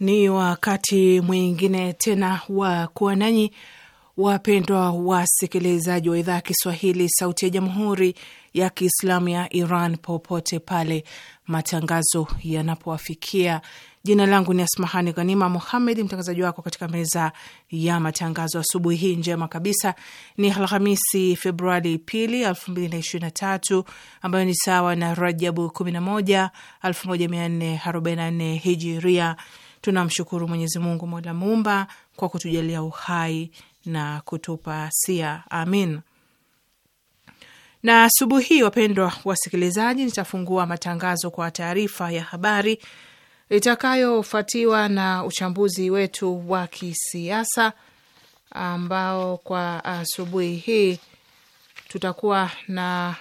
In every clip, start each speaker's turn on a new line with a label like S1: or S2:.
S1: Ni wakati mwingine tena wa kuwa nanyi wapendwa wasikilizaji wa idhaa ya Kiswahili sauti ya jamhuri ya Kiislamu ya Iran, popote pale matangazo yanapowafikia. Jina langu ni Asmahani Ghanima Muhammed, mtangazaji wako katika meza ya matangazo. Asubuhi hii njema kabisa, ni Alhamisi Februari pili elfu mbili na ishirini na tatu ambayo ni sawa na Rajabu kumi na moja elfu moja mia nne arobaini na nne hijiria Tunamshukuru Mwenyezi Mungu mola muumba kwa kutujalia uhai na kutupa sia, amin. Na asubuhi hii, wapendwa wasikilizaji, nitafungua matangazo kwa taarifa ya habari itakayofuatiwa na uchambuzi wetu wa kisiasa ambao kwa asubuhi hii tutakuwa na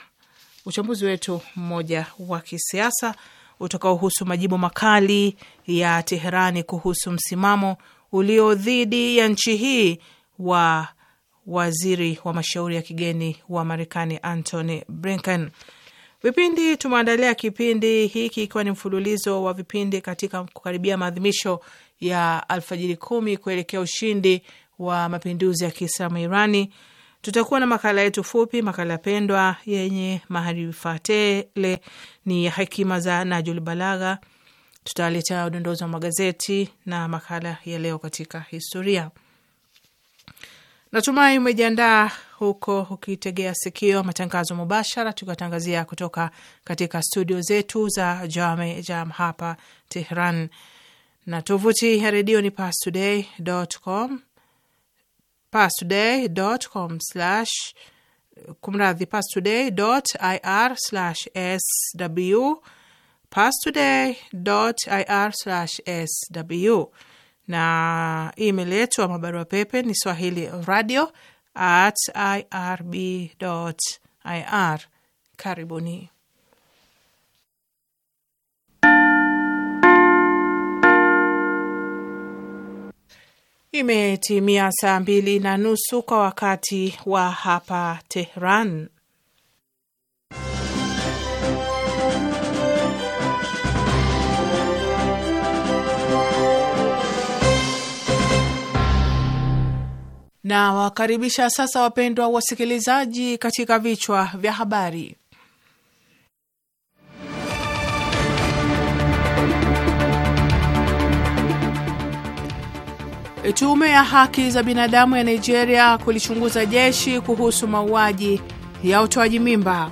S1: uchambuzi wetu mmoja wa kisiasa utakaohusu majibu makali ya Teherani kuhusu msimamo ulio dhidi ya nchi hii wa waziri wa mashauri ya kigeni wa Marekani Antony Blinken. Vipindi tumeandalia kipindi hiki ikiwa ni mfululizo wa vipindi katika kukaribia maadhimisho ya alfajiri kumi kuelekea ushindi wa mapinduzi ya Kiislamu Irani Tutakuwa na makala yetu fupi, makala pendwa yenye maarifa tele, ni hekima za Najul Balagha. Tutaletea udondozi wa magazeti na makala ya leo katika historia. Natumai umejiandaa huko ukitegea sikio matangazo mubashara, tukiwatangazia kutoka katika studio zetu za Jame Jam hapa Tehran, na tovuti ya redio ni pastoday.com pastoday.com slash kumradhi pastoday.ir slash sw pastoday.ir slash sw na email yetu ama barua pepe ni swahili radio at irb.ir. Karibuni. Imetimia saa mbili na nusu kwa wakati wa hapa Tehran. Na wakaribisha sasa, wapendwa wasikilizaji, katika vichwa vya habari. E, tume ya haki za binadamu ya Nigeria kulichunguza jeshi kuhusu mauaji ya utoaji mimba.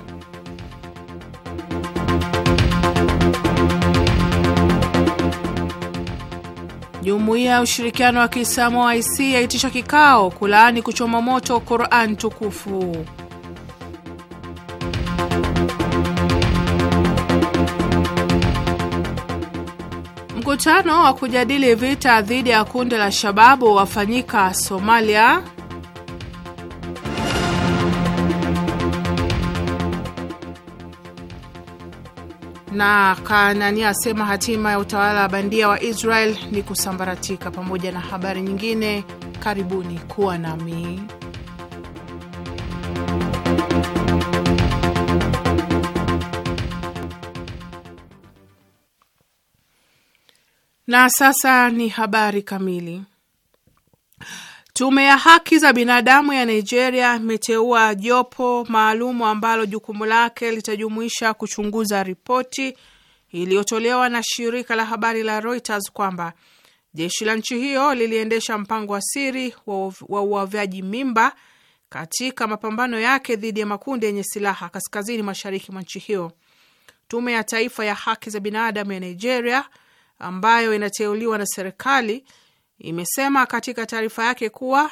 S1: Jumuiya ya ushirikiano wa Kiislamu wa yaitisha kikao kulaani kuchoma moto Quran tukufu. Mkutano wa kujadili vita dhidi ya kundi la Shababu wafanyika Somalia. na Kanani asema hatima ya utawala wa bandia wa Israel ni kusambaratika, pamoja na habari nyingine. Karibuni kuwa nami. Na sasa ni habari kamili. Tume ya haki za binadamu ya Nigeria imeteua jopo maalumu ambalo jukumu lake litajumuisha kuchunguza ripoti iliyotolewa na shirika la habari la Reuters kwamba jeshi la nchi hiyo liliendesha mpango wa siri wa uavyaji mimba katika mapambano yake dhidi ya makundi yenye silaha kaskazini mashariki mwa nchi hiyo. Tume ya Taifa ya Haki za Binadamu ya Nigeria ambayo inateuliwa na serikali imesema katika taarifa yake kuwa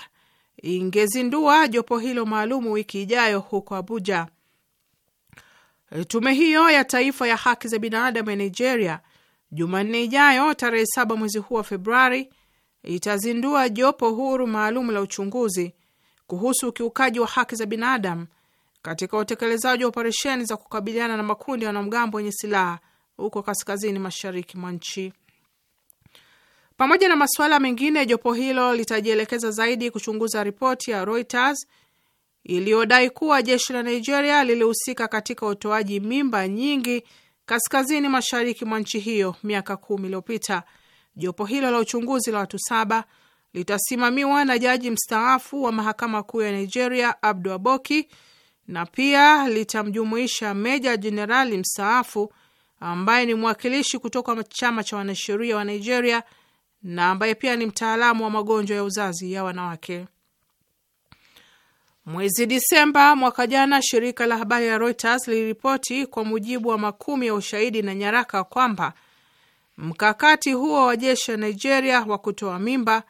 S1: ingezindua jopo hilo maalumu wiki ijayo huko Abuja. Tume hiyo ya taifa ya haki za binadamu ya Nigeria Jumanne ijayo tarehe saba mwezi huu wa Februari itazindua jopo huru maalum la uchunguzi kuhusu ukiukaji wa haki za binadamu katika utekelezaji wa operesheni za kukabiliana na makundi ya wanamgambo wenye silaha huko kaskazini mashariki mwa nchi. Pamoja na masuala mengine, jopo hilo litajielekeza zaidi kuchunguza ripoti ya Reuters iliyodai kuwa jeshi la Nigeria lilihusika katika utoaji mimba nyingi kaskazini mashariki mwa nchi hiyo miaka kumi iliyopita. Jopo hilo la uchunguzi la watu saba litasimamiwa na jaji mstaafu wa mahakama kuu ya Nigeria Abdu Aboki na pia litamjumuisha meja jenerali mstaafu ambaye ni mwakilishi kutoka chama cha wanasheria wa Nigeria na ambaye pia ni mtaalamu wa magonjwa ya uzazi ya wanawake. Mwezi Disemba mwaka jana, shirika la habari ya Reuters liliripoti kwa mujibu wa makumi ya ushahidi na nyaraka kwamba mkakati huo wa jeshi la Nigeria wa kutoa mimba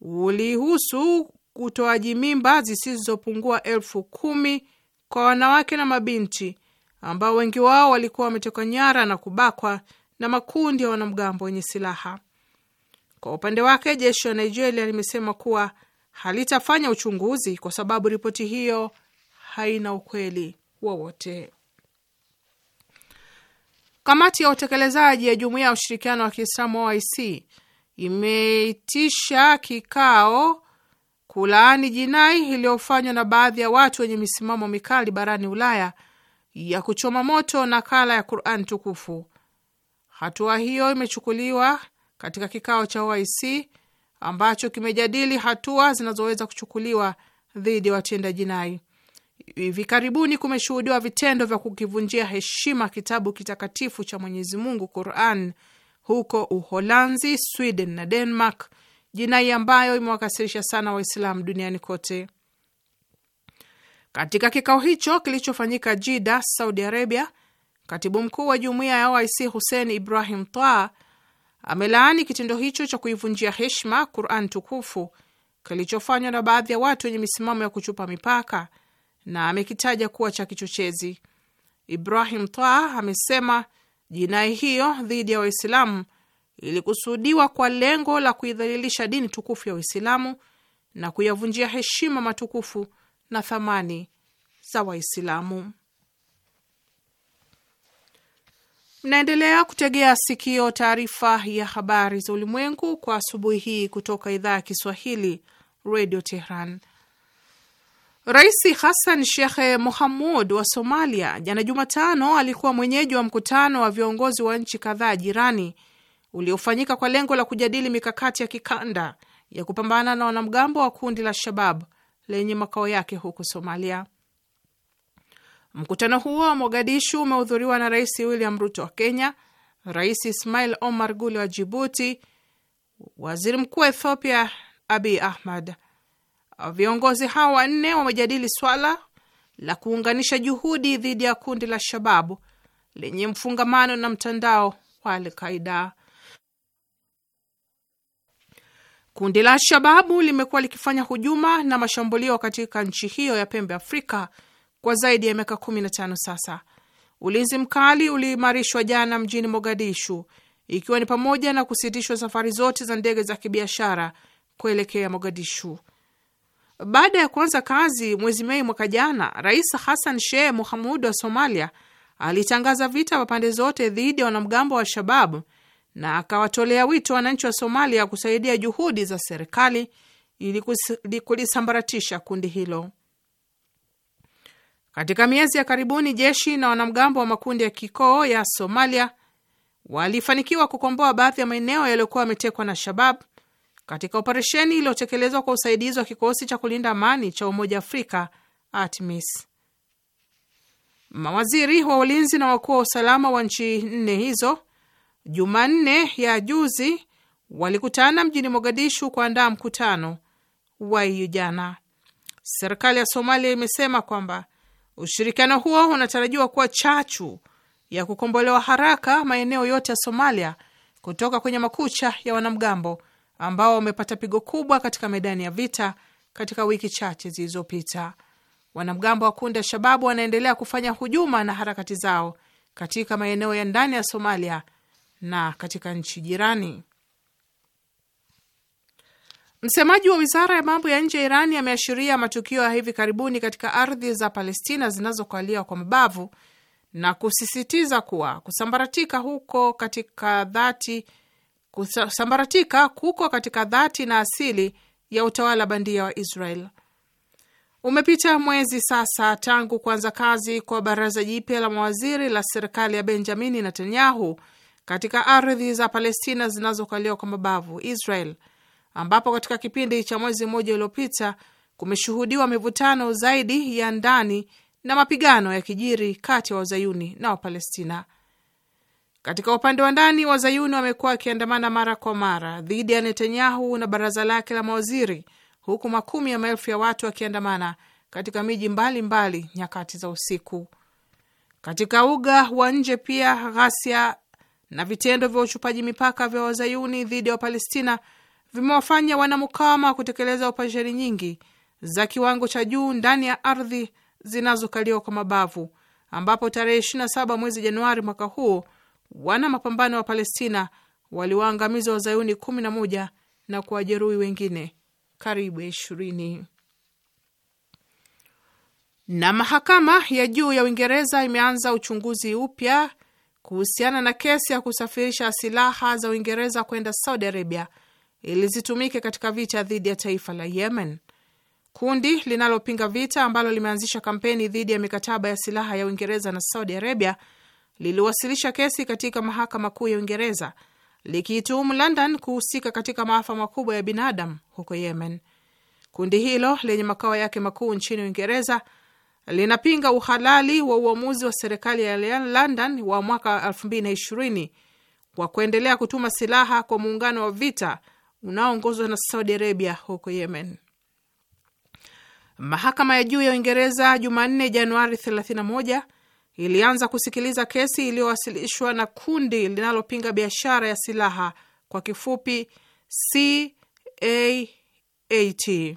S1: ulihusu utoaji mimba zisizopungua elfu kumi kwa wanawake na mabinti ambao wengi wao walikuwa wameteka nyara na kubakwa na makundi ya wanamgambo wenye silaha. Kwa upande wake, jeshi la Nigeria limesema kuwa halitafanya uchunguzi kwa sababu ripoti hiyo haina ukweli wowote. Kamati ya utekelezaji ya Jumuiya ya Ushirikiano wa Kiislamu OIC imeitisha kikao kulaani jinai iliyofanywa na baadhi ya watu wenye misimamo mikali barani Ulaya ya kuchoma moto nakala ya Quran tukufu. Hatua hiyo imechukuliwa katika kikao cha OIC ambacho kimejadili hatua zinazoweza kuchukuliwa dhidi ya watenda jinai. Hivi karibuni kumeshuhudiwa vitendo vya kukivunjia heshima kitabu kitakatifu cha Mwenyezi Mungu, Quran, huko Uholanzi, Sweden na Denmark, jinai ambayo imewakasirisha sana Waislamu duniani kote. Katika kikao hicho kilichofanyika Jida, Saudi Arabia, katibu mkuu wa jumuiya ya OIC Hussein Ibrahim Twa amelaani kitendo hicho cha kuivunjia heshima Quran tukufu kilichofanywa na baadhi ya watu wenye misimamo ya kuchupa mipaka na amekitaja kuwa cha kichochezi. Ibrahim Twa amesema jinai hiyo dhidi ya Waislamu ilikusudiwa kwa lengo la kuidhalilisha dini tukufu ya Uislamu na kuyavunjia heshima matukufu na thamani za Waislamu. Mnaendelea kutegea sikio taarifa ya habari za ulimwengu kwa asubuhi hii kutoka idhaa ya Kiswahili, Radio Tehran. Rais Hassan shekhe Mohamud wa Somalia jana Jumatano alikuwa mwenyeji wa mkutano wa viongozi wa nchi kadhaa jirani uliofanyika kwa lengo la kujadili mikakati ya kikanda ya kupambana na wanamgambo wa kundi la Shabab lenye makao yake huko Somalia. Mkutano huo wa Mogadishu umehudhuriwa na Rais William Ruto wa Kenya, Rais Ismail Omar Gule wa Jibuti, Waziri Mkuu wa Ethiopia Abiy Ahmed. Viongozi hao wanne wamejadili swala la kuunganisha juhudi dhidi ya kundi la Shababu lenye mfungamano na mtandao wa Alqaida. Kundi la Al-Shababu limekuwa likifanya hujuma na mashambulio katika nchi hiyo ya pembe Afrika kwa zaidi ya miaka tano sasa. Ulinzi mkali uliimarishwa jana mjini Mogadishu, ikiwa ni pamoja na kusitishwa safari zote za ndege za kibiashara kuelekea Mogadishu. Baada ya kuanza kazi mwezi Mei mwaka jana, Rais Hassan Sheikh Mohamud wa Somalia alitangaza vita vya pande zote dhidi ya wanamgambo wa Al-Shababu na akawatolea wito wananchi wa Somalia kusaidia juhudi za serikali ili kulisambaratisha kundi hilo. Katika miezi ya karibuni, jeshi na wanamgambo wa makundi ya kikoo ya Somalia walifanikiwa kukomboa baadhi ya maeneo yaliyokuwa yametekwa na Shabab katika operesheni iliyotekelezwa kwa usaidizi wa kikosi cha kulinda amani cha Umoja Afrika ATMIS. Mawaziri wa ulinzi na wakuu wa usalama wa nchi nne hizo Jumanne ya juzi walikutana mjini Mogadishu kuandaa mkutano wa hiyo jana. Serikali ya Somalia imesema kwamba ushirikiano huo unatarajiwa kuwa chachu ya kukombolewa haraka maeneo yote ya Somalia kutoka kwenye makucha ya wanamgambo ambao wamepata pigo kubwa katika medani ya vita katika wiki chache zilizopita. Wanamgambo wa kundi Shababu wanaendelea kufanya hujuma na harakati zao katika maeneo ya ndani ya Somalia na katika nchi jirani. Msemaji wa wizara ya mambo ya nje ya Irani ameashiria matukio ya hivi karibuni katika ardhi za Palestina zinazokaliwa kwa mabavu na kusisitiza kuwa kusambaratika huko katika dhati kusambaratika kuko katika dhati na asili ya utawala bandia wa Israel. Umepita mwezi sasa tangu kuanza kazi kwa baraza jipya la mawaziri la serikali ya Benjamini Netanyahu katika ardhi za Palestina zinazokaliwa kwa mabavu Israel, ambapo katika kipindi cha mwezi mmoja uliopita kumeshuhudiwa mivutano zaidi ya ndani na mapigano ya kijiri kati ya wa wazayuni na Wapalestina. Katika upande wa ndani, wazayuni wamekuwa wakiandamana mara kwa mara dhidi ya Netanyahu na baraza lake la mawaziri, huku makumi ya maelfu ya watu wakiandamana katika miji mbalimbali mbali nyakati za usiku. Katika uga wa nje pia, ghasia na vitendo vya uchupaji mipaka vya wazayuni dhidi ya Wapalestina vimewafanya wanamukama wa kutekeleza operesheni nyingi za kiwango cha juu ndani ya ardhi zinazokaliwa kwa mabavu, ambapo tarehe 27 mwezi Januari mwaka huu wana mapambano wa Palestina waliwaangamiza wazayuni 11 na kuwajeruhi wengine karibu ishirini. Na mahakama ya juu ya Uingereza imeanza uchunguzi upya kuhusiana na kesi ya kusafirisha silaha za Uingereza kwenda Saudi Arabia ili zitumike katika vita dhidi ya taifa la Yemen. Kundi linalopinga vita ambalo limeanzisha kampeni dhidi ya mikataba ya silaha ya Uingereza na Saudi Arabia liliwasilisha kesi katika mahakama kuu ya Uingereza likiituhumu London kuhusika katika maafa makubwa ya binadamu huko Yemen. Kundi hilo lenye makao yake makuu nchini Uingereza linapinga uhalali wa uamuzi wa serikali ya London wa mwaka 2020 wa kuendelea kutuma silaha kwa muungano wa vita unaoongozwa na Saudi Arabia huko Yemen. Mahakama ya juu ya Uingereza Jumanne, Januari 31 ilianza kusikiliza kesi iliyowasilishwa na kundi linalopinga biashara ya silaha kwa kifupi CAAT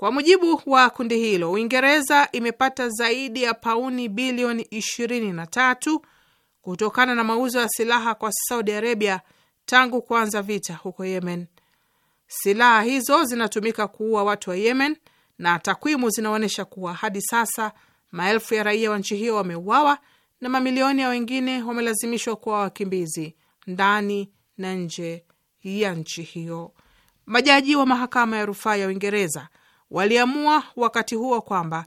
S1: kwa mujibu wa kundi hilo, Uingereza imepata zaidi ya pauni bilioni 23 kutokana na mauzo ya silaha kwa Saudi Arabia tangu kuanza vita huko Yemen. Silaha hizo zinatumika kuua watu wa Yemen na takwimu zinaonyesha kuwa hadi sasa maelfu ya raia wa nchi hiyo wameuawa na mamilioni ya wengine wamelazimishwa kuwa wakimbizi ndani na nje ya nchi hiyo. Majaji wa mahakama ya rufaa ya Uingereza waliamua wakati huo kwamba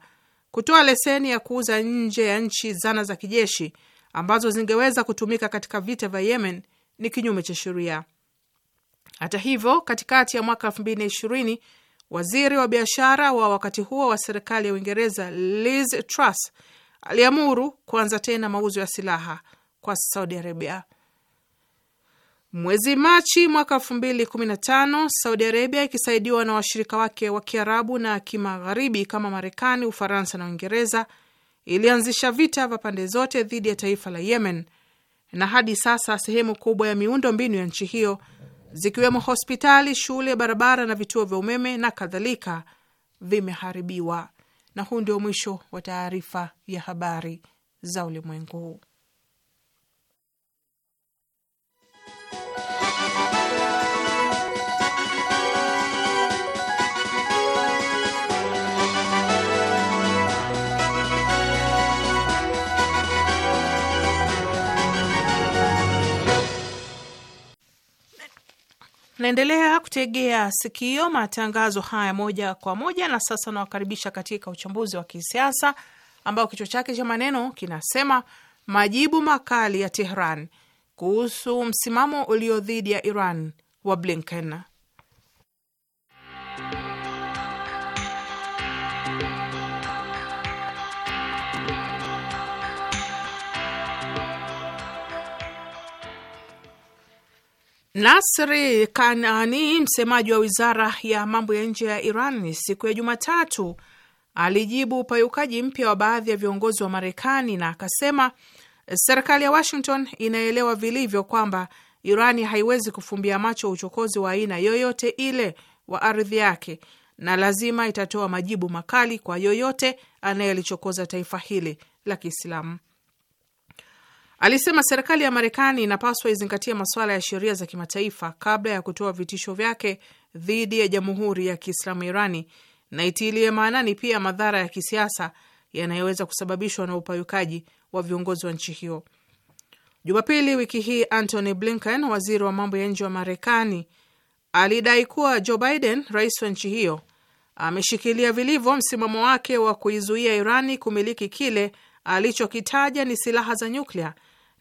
S1: kutoa leseni ya kuuza nje ya nchi zana za kijeshi ambazo zingeweza kutumika katika vita vya Yemen ni kinyume cha sheria. Hata hivyo, katikati ya mwaka 2020 waziri wa biashara wa wakati huo wa serikali ya Uingereza Liz Truss aliamuru kuanza tena mauzo ya silaha kwa Saudi Arabia. Mwezi Machi mwaka 2015 Saudi Arabia ikisaidiwa na washirika wake wa Kiarabu na Kimagharibi kama Marekani, Ufaransa na Uingereza ilianzisha vita vya pande zote dhidi ya taifa la Yemen, na hadi sasa sehemu kubwa ya miundo mbinu ya nchi hiyo zikiwemo hospitali, shule, barabara na vituo vya umeme na kadhalika vimeharibiwa. Na huu ndio mwisho wa taarifa ya habari za ulimwengu. Naendelea kutegea sikio matangazo haya moja kwa moja, na sasa nawakaribisha katika uchambuzi wa kisiasa ambao kichwa chake cha maneno kinasema majibu makali ya Tehran kuhusu msimamo ulio dhidi ya Iran wa Blinken. Nasri Kanani, msemaji wa wizara ya mambo ya nje ya Iran, siku ya Jumatatu alijibu upayukaji mpya wa baadhi ya viongozi wa Marekani na akasema serikali ya Washington inaelewa vilivyo kwamba Irani haiwezi kufumbia macho uchokozi wa aina yoyote ile wa ardhi yake na lazima itatoa majibu makali kwa yoyote anayelichokoza taifa hili la Kiislamu. Alisema serikali ya Marekani inapaswa izingatie masuala ya sheria za kimataifa kabla ya kutoa vitisho vyake dhidi ya jamhuri ya Kiislamu Irani na itiilie maanani pia madhara ya kisiasa yanayoweza kusababishwa na upayukaji wa viongozi wa nchi hiyo. Jumapili wiki hii, Antony Blinken, waziri wa mambo ya nje wa Marekani, alidai kuwa Joe Biden, rais wa nchi hiyo, ameshikilia vilivyo msimamo wake wa kuizuia Irani kumiliki kile alichokitaja ni silaha za nyuklia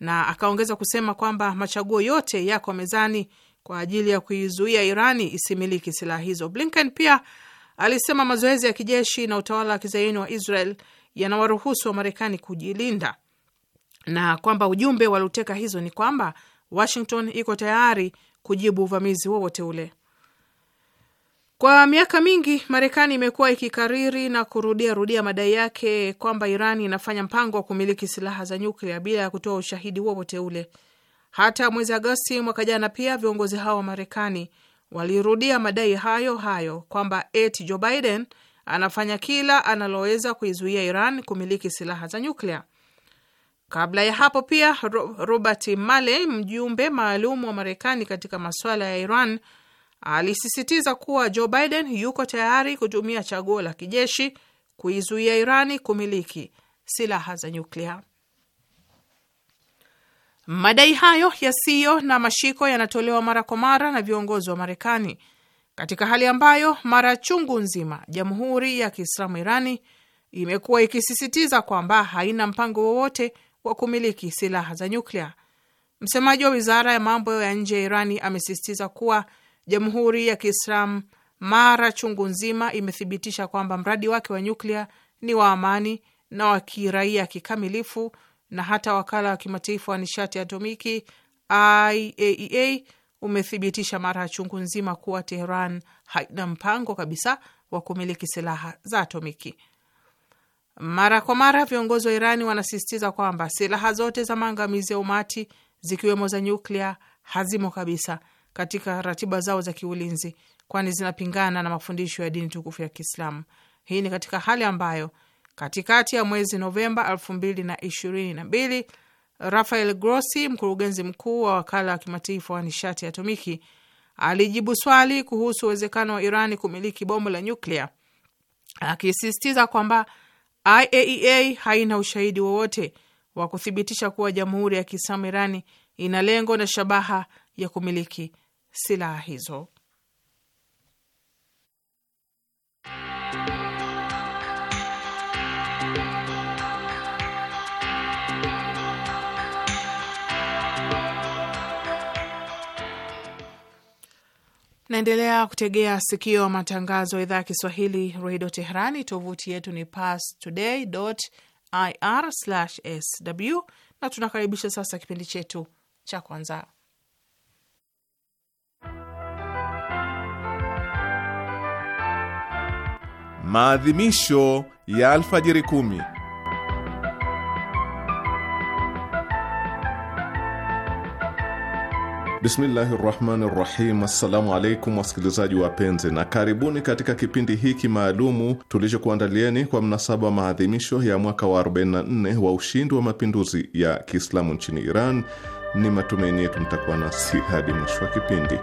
S1: na akaongeza kusema kwamba machaguo yote yako mezani kwa ajili ya kuizuia Irani isimiliki silaha hizo. Blinken pia alisema mazoezi ya kijeshi na utawala wa kizayuni wa Israel yanawaruhusu wa Marekani kujilinda na kwamba ujumbe walioteka hizo ni kwamba Washington iko tayari kujibu uvamizi wowote ule. Kwa miaka mingi Marekani imekuwa ikikariri na kurudia rudia madai yake kwamba Iran inafanya mpango wa kumiliki silaha za nyuklia bila ya kutoa ushahidi wowote ule. Hata mwezi Agosti mwaka jana pia viongozi hao wa Marekani walirudia madai hayo hayo kwamba eti Joe Biden anafanya kila analoweza kuizuia Iran kumiliki silaha za nyuklia. Kabla ya hapo pia, Robert Malley, mjumbe maalum wa Marekani katika masuala ya Iran alisisitiza kuwa Joe Biden yuko tayari kutumia chaguo la kijeshi kuizuia Irani kumiliki silaha za nyuklia. Madai hayo yasiyo na mashiko yanatolewa mara kwa mara na viongozi wa Marekani katika hali ambayo mara chungu nzima Jamhuri ya Kiislamu Irani imekuwa ikisisitiza kwamba haina mpango wowote wa kumiliki silaha za nyuklia. Msemaji wa wizara ya mambo ya nje ya Irani amesisitiza kuwa Jamhuri ya Kiislamu mara chungu nzima imethibitisha kwamba mradi wake wa nyuklia ni wa amani na wa kiraia kikamilifu, na hata wakala wa kimataifa wa nishati ya atomiki IAEA e umethibitisha mara chungu nzima kuwa Tehran haina mpango kabisa wa kumiliki silaha za atomiki. Mara kwa mara viongozi wa Irani wanasisitiza kwamba silaha zote za maangamizi ya umati zikiwemo za nyuklia hazimo kabisa katika ratiba zao za kiulinzi, kwani zinapingana na mafundisho ya dini tukufu ya Kiislamu. Hii ni katika hali ambayo katikati ya mwezi Novemba elfu Rafael Grossi, mkurugenzi mkuu wa wakala wa kimataifa wa nishati ya atomiki, alijibu swali kuhusu uwezekano wa Iran kumiliki bomu la nyuklia, akisisitiza kwamba IAEA e haina ushahidi wowote wa kuthibitisha kuwa jamhuri ya Kiislamu Irani ina lengo na shabaha ya kumiliki silaha hizo. Naendelea kutegea sikio matangazo ya idhaa ya Kiswahili redio Teherani. Tovuti yetu ni pastoday.ir/sw, na tunakaribisha sasa kipindi chetu cha kwanza
S2: Maadhimisho ya alfajiri kumi. Bismillahi rahmani rahim. Assalamu alaikum wasikilizaji wapenzi, na karibuni katika kipindi hiki maalumu tulichokuandalieni kwa mnasaba wa maadhimisho ya mwaka wa 44 wa ushindi wa mapinduzi ya Kiislamu nchini Iran. Ni matumaini yetu mtakuwa nasi hadi mwisho wa kipindi.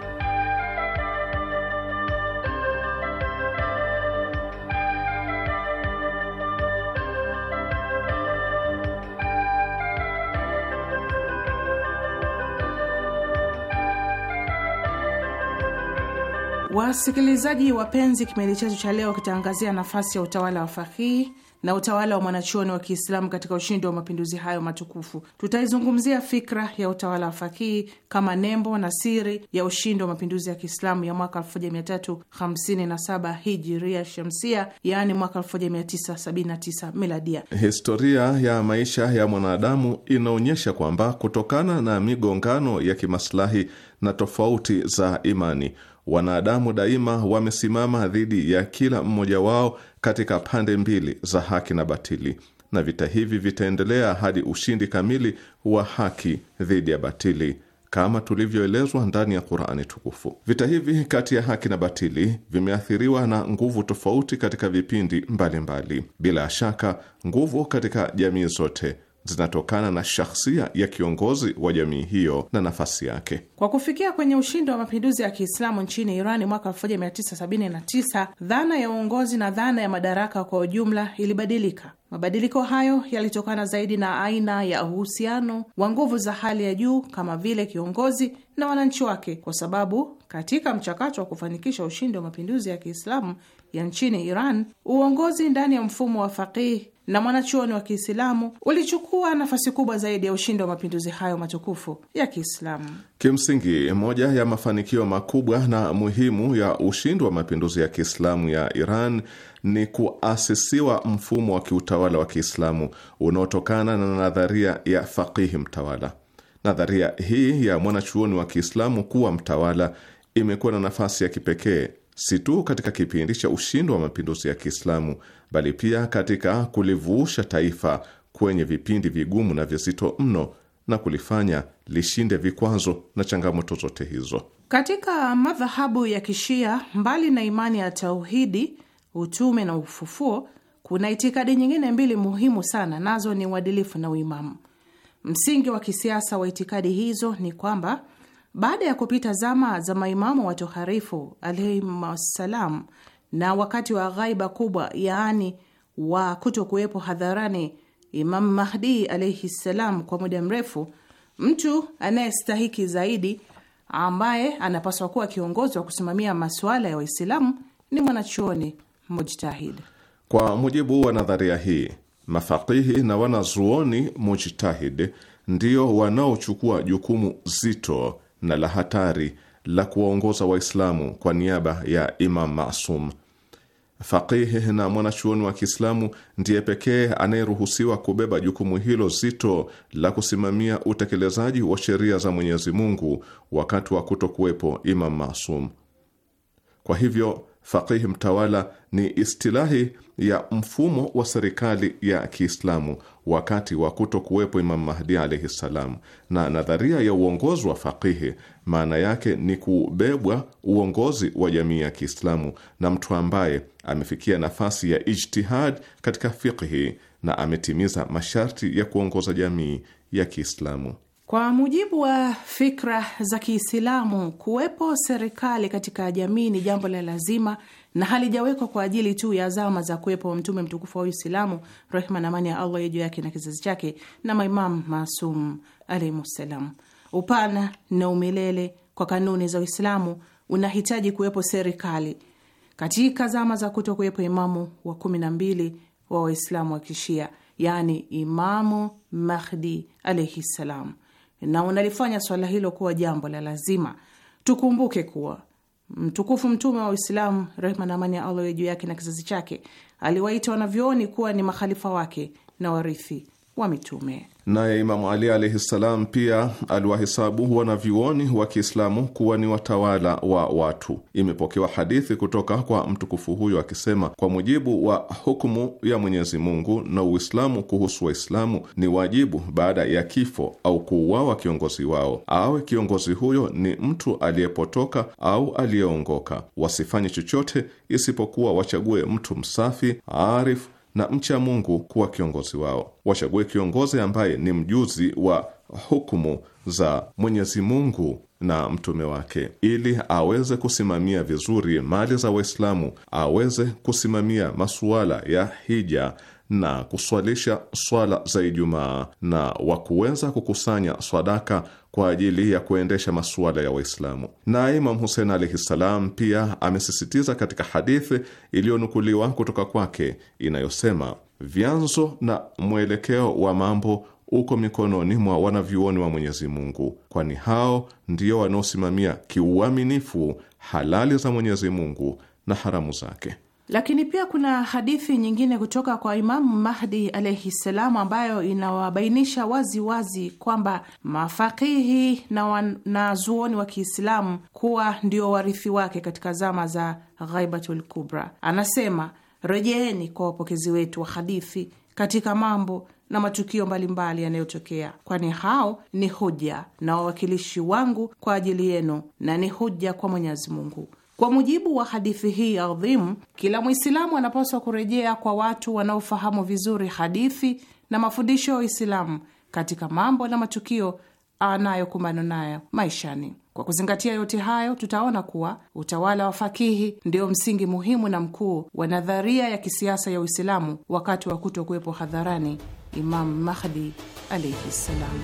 S1: Wasikilizaji wapenzi, kipindi chetu cha leo kitaangazia nafasi ya utawala wa fakihi na utawala wa mwanachuoni wa Kiislamu katika ushindi wa mapinduzi hayo matukufu. Tutaizungumzia fikra ya utawala wa fakihi kama nembo na siri ya ushindi wa mapinduzi ya Kiislamu ya mwaka 1357 hijiria shamsia, yaani mwaka 1979 miladia.
S2: Historia ya maisha ya mwanadamu inaonyesha kwamba kutokana na migongano ya kimaslahi na tofauti za imani wanadamu daima wamesimama dhidi ya kila mmoja wao katika pande mbili za haki na batili, na vita hivi vitaendelea hadi ushindi kamili wa haki dhidi ya batili kama tulivyoelezwa ndani ya Qur'ani tukufu. Vita hivi kati ya haki na batili vimeathiriwa na nguvu tofauti katika vipindi mbalimbali mbali. Bila shaka nguvu katika jamii zote zinatokana na shahsia ya kiongozi wa jamii hiyo na nafasi yake.
S1: Kwa kufikia kwenye ushindi wa mapinduzi ya Kiislamu nchini Irani mwaka 1979, dhana ya uongozi na dhana ya madaraka kwa ujumla ilibadilika. Mabadiliko hayo yalitokana zaidi na aina ya uhusiano wa nguvu za hali ya juu kama vile kiongozi na wananchi wake, kwa sababu katika mchakato wa kufanikisha ushindi wa mapinduzi ya Kiislamu ya nchini Iran, uongozi ndani ya mfumo wa faqih na mwanachuoni wa Kiislamu ulichukua nafasi kubwa zaidi ya ushindi wa mapinduzi hayo matukufu ya Kiislamu.
S2: Kimsingi, moja ya mafanikio makubwa na muhimu ya ushindi wa mapinduzi ya Kiislamu ya Iran ni kuasisiwa mfumo wa kiutawala wa Kiislamu unaotokana na nadharia ya faqihi mtawala. Nadharia hii ya mwanachuoni wa Kiislamu kuwa mtawala imekuwa na nafasi ya kipekee si tu katika kipindi cha ushindi wa mapinduzi ya Kiislamu bali pia katika kulivuusha taifa kwenye vipindi vigumu na vizito mno na kulifanya lishinde vikwazo na changamoto zote hizo.
S1: Katika madhahabu ya Kishia, mbali na imani ya tauhidi, utume na ufufuo, kuna itikadi nyingine mbili muhimu sana, nazo ni uadilifu na uimamu. Msingi wa kisiasa wa itikadi hizo ni kwamba baada ya kupita zama za maimamu watoharifu alaihim wassalam, na wakati wa ghaiba kubwa, yaani wa kuto kuwepo hadharani Imamu Mahdi alaihi ssalam kwa muda mrefu, mtu anayestahiki zaidi ambaye anapaswa kuwa kiongozi wa kusimamia masuala ya Waislamu ni mwanachuoni mujtahid.
S2: Kwa mujibu wa nadharia hii, mafakihi na wanazuoni mujtahid ndio wanaochukua jukumu zito na la hatari la kuwaongoza Waislamu kwa niaba ya Imam Masum. Faqihi na mwanachuoni wa Kiislamu ndiye pekee anayeruhusiwa kubeba jukumu hilo zito la kusimamia utekelezaji wa sheria za Mwenyezi Mungu wakati wa kutokuwepo Imam Masum. Kwa hivyo Faqihi mtawala ni istilahi ya mfumo wa serikali ya Kiislamu wakati wa kuto kuwepo Imam Mahdi alaihi ssalam, na nadharia ya uongozi wa faqihi maana yake ni kubebwa uongozi wa jamii ya Kiislamu na mtu ambaye amefikia nafasi ya ijtihad katika fiqhi na ametimiza masharti ya kuongoza jamii ya Kiislamu.
S1: Kwa mujibu wa fikra za Kiislamu, kuwepo serikali katika jamii ni jambo la lazima na halijawekwa kwa ajili tu ya zama za kuwepo wa mtume mtukufu wa Uislamu, rehma na amani ya Allah juu yake na kizazi chake, na maimamu masum alaihimussalam. Upana na umilele kwa kanuni za Uislamu unahitaji kuwepo serikali katika zama za kuto kuwepo imamu wa kumi na mbili wa Waislamu wa Kishia, yaani Imamu Mahdi alaihi ssalam na unalifanya swala hilo kuwa jambo la lazima. Tukumbuke kuwa mtukufu Mtume wa Uislamu, rehma na amani ya Allah juu yake na kizazi chake, aliwaita wanavyooni kuwa ni makhalifa wake na warithi wa mitume.
S2: Naye Imamu Ali alaihi ssalam pia aliwahesabu wanavyuoni wa Kiislamu kuwa ni watawala wa watu. Imepokewa hadithi kutoka kwa mtukufu huyo akisema, kwa mujibu wa hukumu ya Mwenyezi Mungu na Uislamu kuhusu Waislamu, ni wajibu baada ya kifo au kuuawa kiongozi wao, awe kiongozi huyo ni mtu aliyepotoka au aliyeongoka, wasifanye chochote isipokuwa wachague mtu msafi, arif na mcha Mungu kuwa kiongozi wao. Wachague kiongozi ambaye ni mjuzi wa hukumu za Mwenyezi Mungu na mtume wake, ili aweze kusimamia vizuri mali za Waislamu, aweze kusimamia masuala ya hija na kuswalisha swala za Ijumaa na wa kuweza kukusanya swadaka kwa ajili ya kuendesha masuala ya Waislamu. Naye Imam Husein alaihi ssalam pia amesisitiza katika hadithi iliyonukuliwa kutoka kwake inayosema, vyanzo na mwelekeo wa mambo uko mikononi mwa wanavyuoni wa Mwenyezi Mungu, kwani hao ndio wanaosimamia kiuaminifu halali za Mwenyezi Mungu na haramu zake.
S1: Lakini pia kuna hadithi nyingine kutoka kwa Imamu Mahdi alaihi ssalam, ambayo inawabainisha wazi wazi kwamba mafakihi na wanazuoni wa Kiislamu kuwa ndio warithi wake katika zama za Ghaibatul Kubra. Anasema, rejeeni kwa wapokezi wetu wa hadithi katika mambo na matukio mbalimbali yanayotokea, kwani hao ni hoja na wawakilishi wangu kwa ajili yenu na ni hoja kwa Mwenyezi Mungu. Kwa mujibu wa hadithi hii adhimu, kila Mwislamu anapaswa kurejea kwa watu wanaofahamu vizuri hadithi na mafundisho ya Uislamu katika mambo na matukio anayokumbana nayo maishani. Kwa kuzingatia yote hayo, tutaona kuwa utawala wa fakihi ndio msingi muhimu na mkuu wa nadharia ya kisiasa ya Uislamu wakati wa kuto kuwepo hadharani الإمام مهدي عليه السلام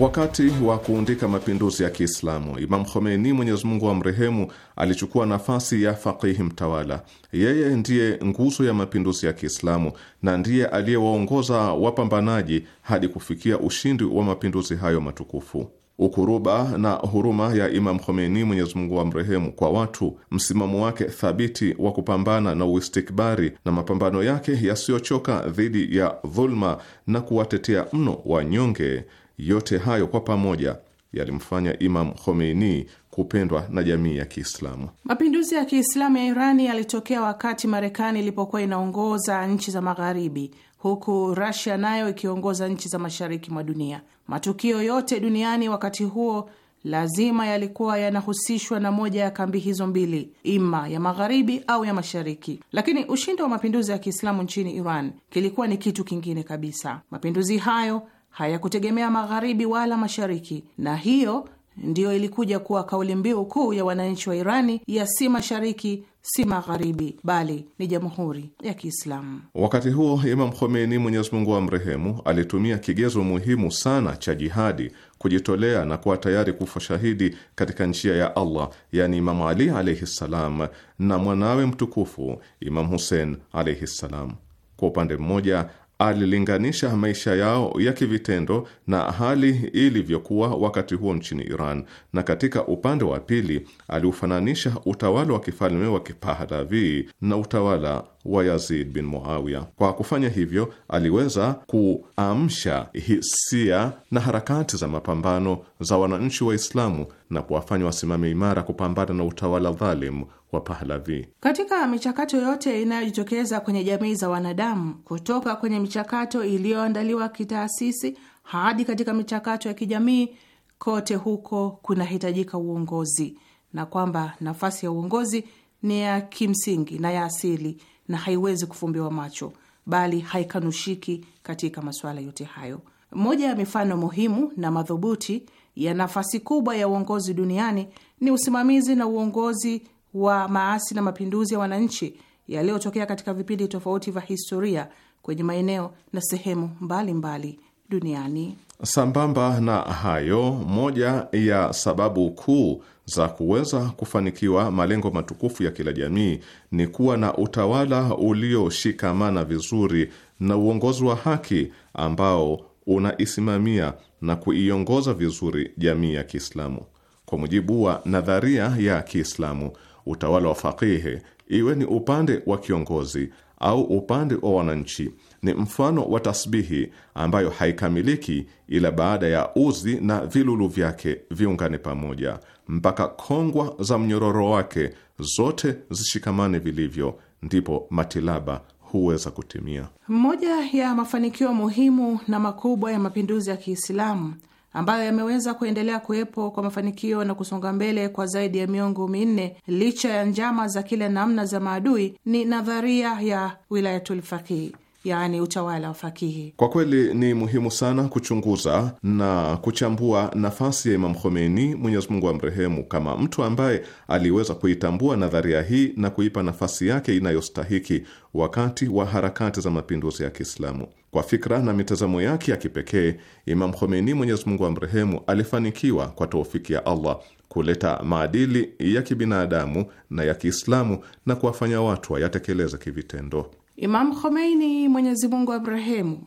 S2: Wakati wa kuundika mapinduzi ya Kiislamu, Imam Khomeini, Mwenyezi Mungu amrehemu, alichukua nafasi ya faqihi mtawala. Yeye ndiye nguzo ya mapinduzi ya Kiislamu na ndiye aliyewaongoza wapambanaji hadi kufikia ushindi wa mapinduzi hayo matukufu. Ukuruba na huruma ya Imam Khomeini, Mwenyezi Mungu amrehemu, kwa watu, msimamo wake thabiti wa kupambana na uistikbari na mapambano yake yasiyochoka dhidi ya dhulma na kuwatetea mno wanyonge yote hayo kwa pamoja yalimfanya Imam Khomeini kupendwa na jamii ya Kiislamu.
S1: Mapinduzi ya Kiislamu ya Irani yalitokea wakati Marekani ilipokuwa inaongoza nchi za magharibi, huku Rasia nayo ikiongoza nchi za mashariki mwa dunia. Matukio yote duniani wakati huo lazima yalikuwa yanahusishwa na moja ya kambi hizo mbili, ima ya magharibi au ya mashariki. Lakini ushindi wa mapinduzi ya Kiislamu nchini Iran kilikuwa ni kitu kingine kabisa. Mapinduzi hayo hayakutegemea magharibi wala mashariki, na hiyo ndiyo ilikuja kuwa kauli mbiu kuu ya wananchi wa Irani ya si mashariki si magharibi, bali ni jamhuri ya Kiislamu.
S2: Wakati huo Imam Khomeini, Mwenyezi Mungu amrehemu, alitumia kigezo muhimu sana cha jihadi, kujitolea na kuwa tayari kufa shahidi katika njia ya Allah, yani Imamu Ali alaihi ssalam na mwanawe mtukufu Imam Husein alaihi ssalam. Kwa upande mmoja alilinganisha maisha yao ya kivitendo na hali ilivyokuwa wakati huo nchini Iran, na katika upande wa pili aliufananisha utawala wa kifalme wa Kipahlavi na utawala wa Yazid bin Muawiya. Kwa kufanya hivyo, aliweza kuamsha hisia na harakati za mapambano za wananchi Waislamu na kuwafanya wasimame imara kupambana na utawala dhalimu wa Pahlavi.
S1: Katika michakato yote inayojitokeza kwenye jamii za wanadamu, kutoka kwenye michakato iliyoandaliwa kitaasisi hadi katika michakato ya kijamii, kote huko kunahitajika uongozi, na kwamba nafasi ya uongozi ni ya kimsingi na ya asili na haiwezi kufumbiwa macho, bali haikanushiki katika masuala yote hayo. Moja ya mifano muhimu na madhubuti ya nafasi kubwa ya uongozi duniani ni usimamizi na uongozi wa maasi na mapinduzi ya wananchi yaliyotokea katika vipindi tofauti vya historia kwenye maeneo na sehemu mbalimbali mbali duniani.
S2: Sambamba na hayo, moja ya sababu kuu za kuweza kufanikiwa malengo matukufu ya kila jamii ni kuwa na utawala ulioshikamana vizuri na uongozi wa haki ambao unaisimamia na kuiongoza vizuri jamii ya Kiislamu. Kwa mujibu wa nadharia ya Kiislamu, utawala wa fakihi, iwe ni upande wa kiongozi au upande wa wananchi ni mfano wa tasbihi ambayo haikamiliki ila baada ya uzi na vilulu vyake viungane pamoja mpaka kongwa za mnyororo wake zote zishikamane vilivyo, ndipo matilaba huweza kutimia.
S1: Moja ya mafanikio muhimu na makubwa ya mapinduzi ya Kiislamu ambayo yameweza kuendelea kuwepo kwa mafanikio na kusonga mbele kwa zaidi ya miongo minne licha ya njama za kila namna za maadui ni nadharia ya wilayatulfakihi yaani utawala wa fakihi.
S2: Kwa kweli ni muhimu sana kuchunguza na kuchambua nafasi ya Imam Khomeini, Mwenyezi Mungu amrehemu, kama mtu ambaye aliweza kuitambua nadharia hii na kuipa nafasi yake inayostahiki wakati wa harakati za mapinduzi ya Kiislamu. Kwa fikra na mitazamo yake ya kipekee, Imam Khomeini, Mwenyezi Mungu amrehemu, alifanikiwa kwa taufiki ya Allah kuleta maadili ya kibinadamu na ya Kiislamu na kuwafanya watu wayatekeleze kivitendo.
S1: Imam Khomeini, Mwenyezi Mungu abrahemu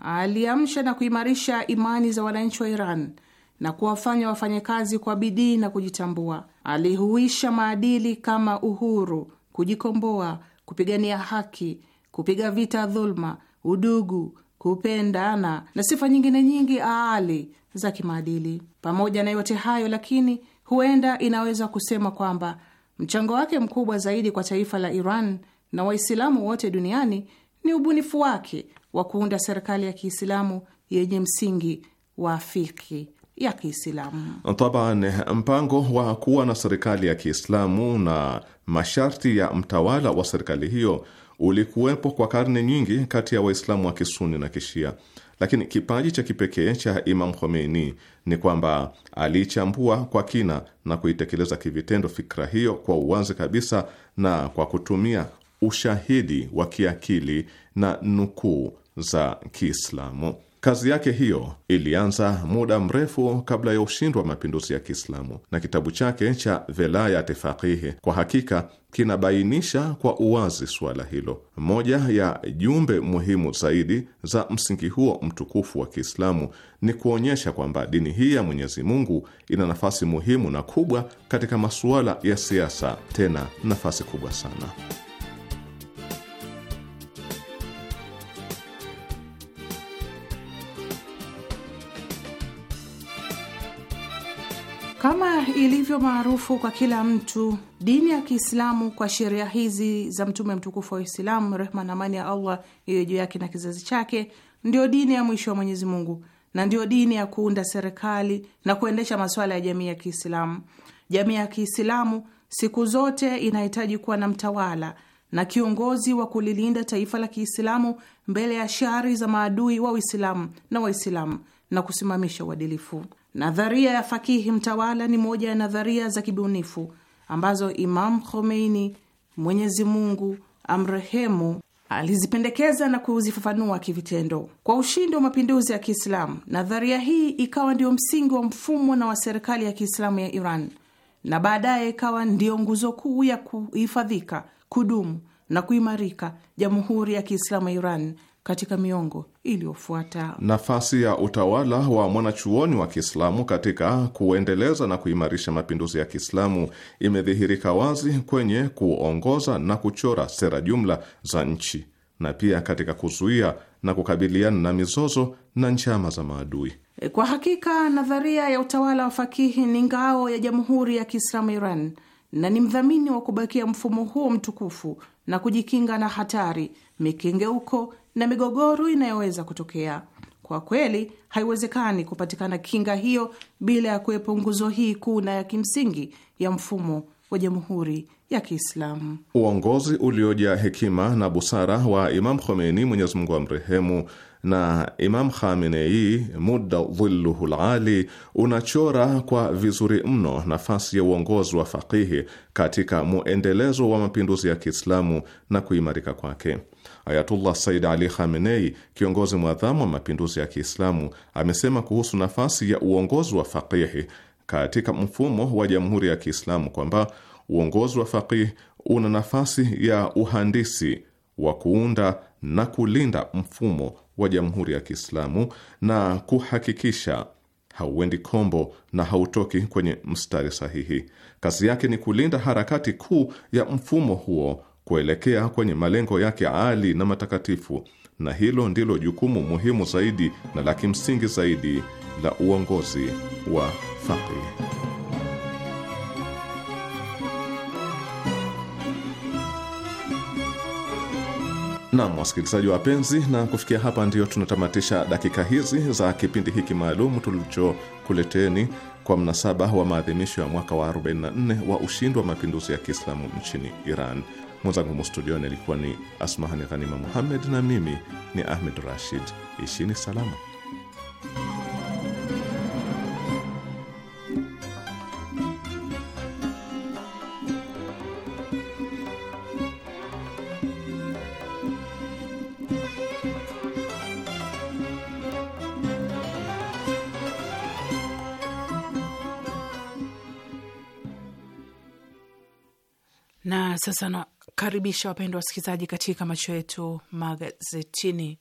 S1: aliamsha na kuimarisha imani za wananchi wa Iran na kuwafanya wafanye kazi kwa bidii na kujitambua. Alihuisha maadili kama uhuru, kujikomboa, kupigania haki, kupiga vita dhuluma, udugu, kupendana na sifa nyingine nyingi aali za kimaadili. Pamoja na yote hayo lakini, huenda inaweza kusema kwamba mchango wake mkubwa zaidi kwa taifa la Iran na Waislamu wote duniani ni ubunifu wake wa kuunda serikali ya Kiislamu yenye msingi wa fiki ya Kiislamu.
S2: Taban, mpango wa kuwa na serikali ya Kiislamu na masharti ya mtawala wa serikali hiyo ulikuwepo kwa karne nyingi kati ya Waislamu wa Kisuni na Kishia, lakini kipaji cha kipekee cha Imam Khomeini ni kwamba aliichambua kwa kina na kuitekeleza kivitendo fikra hiyo kwa uwazi kabisa na kwa kutumia ushahidi wa kiakili na nukuu za Kiislamu. Kazi yake hiyo ilianza muda mrefu kabla ya ushindi wa mapinduzi ya Kiislamu, na kitabu chake cha Velayati Faqihi kwa hakika kinabainisha kwa uwazi suala hilo. Moja ya jumbe muhimu zaidi za msingi huo mtukufu wa Kiislamu ni kuonyesha kwamba dini hii ya Mwenyezi Mungu ina nafasi muhimu na kubwa katika masuala ya siasa, tena nafasi kubwa sana.
S1: Kama ilivyo maarufu kwa kila mtu, dini ya Kiislamu kwa sheria hizi za Mtume mtukufu wa Uislamu, rehma na amani ya Allah iwe juu yake na kizazi chake, ndio dini ya mwisho wa Mwenyezi Mungu na ndiyo dini ya kuunda serikali na kuendesha masuala ya jamii ya Kiislamu. Jamii ya Kiislamu siku zote inahitaji kuwa na mtawala na kiongozi wa kulilinda taifa la Kiislamu mbele ya shari za maadui wa Uislamu na Waislamu na kusimamisha uadilifu. Nadharia ya fakihi mtawala ni moja ya nadharia za kibunifu ambazo Imam Khomeini, Mwenyezi Mungu amrehemu, alizipendekeza na kuzifafanua kivitendo kwa ushindi wa mapinduzi ya Kiislamu. Nadharia hii ikawa ndio msingi wa mfumo na wa serikali ya Kiislamu ya Iran na baadaye ikawa ndiyo nguzo kuu ya kuhifadhika, kudumu na kuimarika jamhuri ya Kiislamu ya Iran katika miongo iliyofuata.
S2: Nafasi ya utawala wa mwanachuoni wa Kiislamu katika kuendeleza na kuimarisha mapinduzi ya Kiislamu imedhihirika wazi kwenye kuongoza na kuchora sera jumla za nchi na pia katika kuzuia na kukabiliana na mizozo na njama za maadui.
S1: Kwa hakika nadharia ya utawala wa fakihi ni ngao ya Jamhuri ya Kiislamu Iran na ni mdhamini wa kubakia mfumo huo mtukufu na kujikinga na hatari mikengeuko na migogoro inayoweza kutokea. Kwa kweli haiwezekani kupatikana kinga hiyo bila ya kuwepo nguzo hii kuu na ya kimsingi ya mfumo wa jamhuri ya Kiislamu.
S2: Uongozi uliojaa hekima na busara wa Imam Khomeini, Mwenyezi Mungu amrehemu, na Imam Khamenei muda dhilluhu lali, unachora kwa vizuri mno nafasi ya uongozi wa faqihi katika muendelezo wa mapinduzi ya Kiislamu na kuimarika kwake. Ayatullah Said Ali Khamenei, kiongozi mwadhamu wa mapinduzi ya Kiislamu, amesema kuhusu nafasi ya uongozi wa faqihi katika mfumo wa jamhuri ya Kiislamu kwamba uongozi wa faqihi una nafasi ya uhandisi wa kuunda na kulinda mfumo wa jamhuri ya Kiislamu na kuhakikisha hauendi kombo na hautoki kwenye mstari sahihi. Kazi yake ni kulinda harakati kuu ya mfumo huo kuelekea kwenye malengo yake ali na matakatifu, na hilo ndilo jukumu muhimu zaidi na la kimsingi zaidi la uongozi wa fakhi. Nam, wasikilizaji wapenzi, na kufikia hapa ndiyo tunatamatisha dakika hizi za kipindi hiki maalum tulichokuleteni kwa mnasaba wa maadhimisho ya mwaka wa 44 wa ushindi wa mapinduzi ya Kiislamu nchini Iran. Mwenzangu humo studioni alikuwa ni Asmahani Ghanima Muhammed na mimi ni Ahmed Rashid. Ishini salama.
S1: sasa na kukaribisha wapendwa wasikilizaji katika macho yetu magazetini.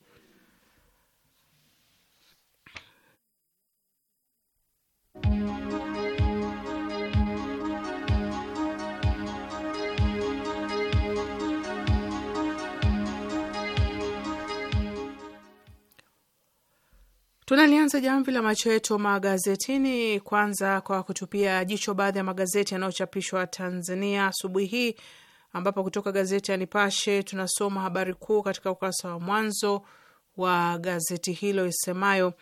S1: Tunalianza jamvi la macho yetu magazetini kwanza kwa kutupia jicho baadhi ya magazeti yanayochapishwa Tanzania asubuhi hii ambapo kutoka gazeti ya Nipashe tunasoma habari kuu katika ukurasa wa mwanzo wa gazeti hilo isemayo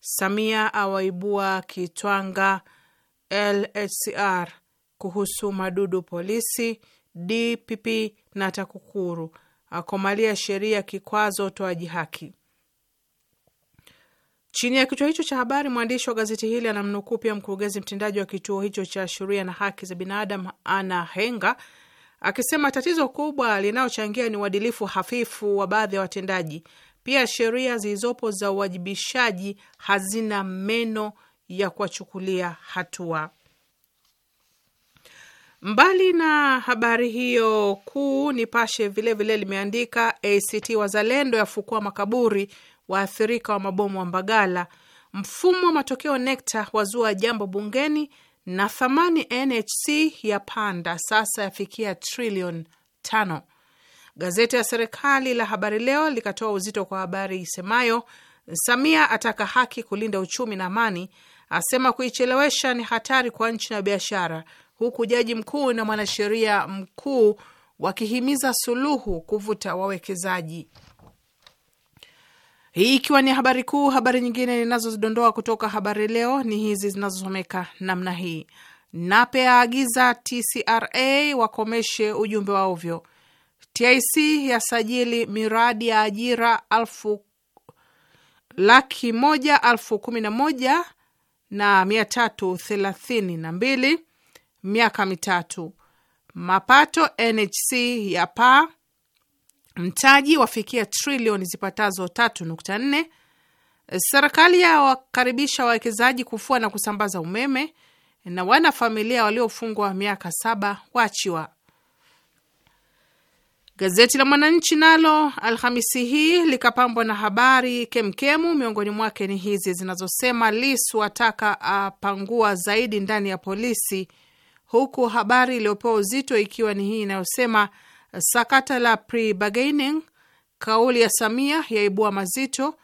S1: Samia awaibua kitwanga LHCR kuhusu madudu polisi DPP na TAKUKURU akomalia sheria kikwazo utoaji haki. Chini ya kichwa hicho cha habari, mwandishi wa gazeti hili anamnukuu pia mkurugenzi mtendaji wa kituo hicho cha sheria na haki za binadamu Ana Henga akisema tatizo kubwa linayochangia ni uadilifu hafifu wa baadhi ya watendaji. Pia sheria zilizopo za uwajibishaji hazina meno ya kuwachukulia hatua. Mbali na habari hiyo kuu, Nipashe vilevile limeandika ACT Wazalendo yafukua makaburi waathirika wa mabomu wa Mbagala, mfumo wa matokeo NECTA wazua jambo bungeni na thamani NHC ya panda sasa yafikia trilioni tano. Gazeti la serikali la Habari Leo likatoa uzito kwa habari isemayo Samia ataka haki kulinda uchumi na amani, asema kuichelewesha ni hatari kwa nchi na biashara, huku jaji mkuu na mwanasheria mkuu wakihimiza suluhu kuvuta wawekezaji hii ikiwa ni habari kuu. Habari nyingine ninazozidondoa kutoka Habari Leo ni hizi zinazosomeka namna hii: Nape aagiza TCRA wakomeshe ujumbe wa ovyo. TIC yasajili miradi ya ajira alfu laki moja alfu kumi na moja na mia tatu thelathini na mbili miaka mitatu. Mapato NHC ya paa mtaji wafikia trilioni zipatazo 3.4. Serikali yawakaribisha wawekezaji kufua na kusambaza umeme, na wanafamilia waliofungwa miaka saba waachiwa. Gazeti la Mwananchi nalo Alhamisi hii likapambwa na habari kemkemu, miongoni mwake ni hizi zinazosema Lisu ataka apangua zaidi ndani ya polisi, huku habari iliyopewa uzito ikiwa ni hii inayosema Sakata la pre-bargaining, kauli ya Samia yaibua mazito.